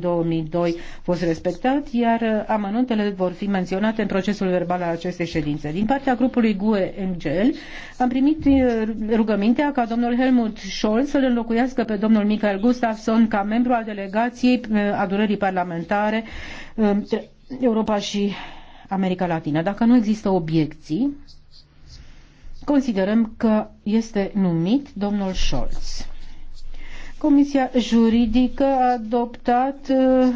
2002 fost respectat, iar uh, amănuntele vor fi menționate în procesul verbal al acestei ședințe. Din partea grupului GUE Engel am primit uh, rugămintea ca domnul Helmut Scholz să-l înlocuiască pe domnul Michael Gustafsson ca membru al delegației uh, adunării parlamentare Europa și America Latină. Dacă nu există obiecții, considerăm că este numit domnul Scholz. Comisia juridică a adoptat uh,